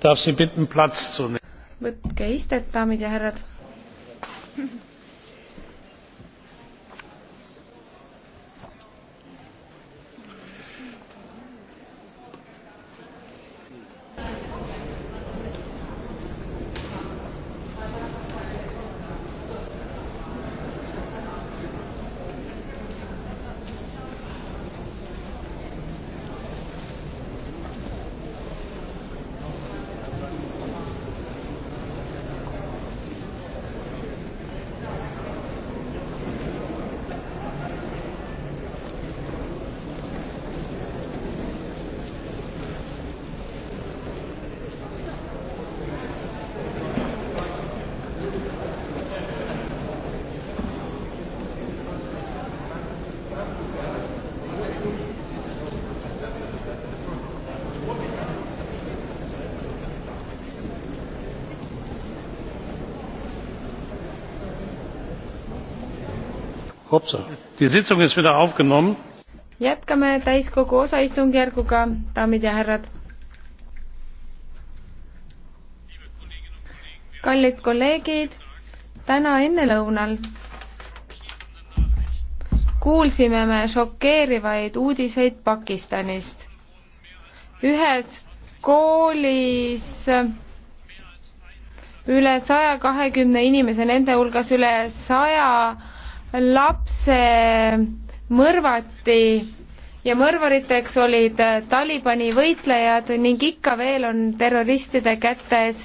darf sie bitten platz zu nehmen. võtke istet daamid ja härrad. jätkame täiskogu osaistungjärguga daamid ja härrad kallid kolleegid täna ennelõunal kuulsime me šokeerivaid uudiseid pakistanist ühes koolis üle saja kahekümne inimese nende hulgas üle saja 100 lapse mõrvati ja mõrvariteks olid Talibani võitlejad ning ikka veel on terroristide kätes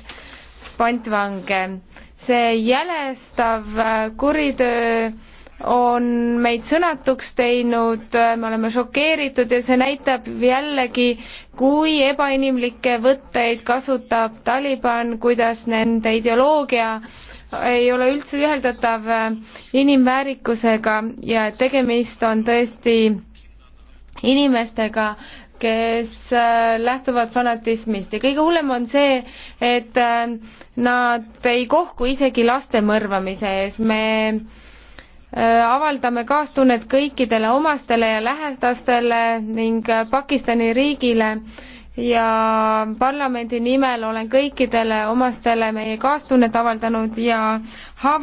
pantvange. see jälestav kuritöö on meid sõnatuks teinud, me oleme šokeeritud ja see näitab jällegi, kui ebainimlikke võtteid kasutab Taliban, kuidas nende ideoloogia ei ole üldse üheldatav äh, inimväärikusega ja tegemist on tõesti inimestega, kes äh, lähtuvad fanatismist ja kõige hullem on see, et äh, nad ei kohku isegi laste mõrvamise ees, me avaldame kaastunnet kõikidele omastele ja lähedastele ning Pakistani riigile, ja parlamendi nimel olen kõikidele omastele meie kaastunnet avaldanud ja haavatavale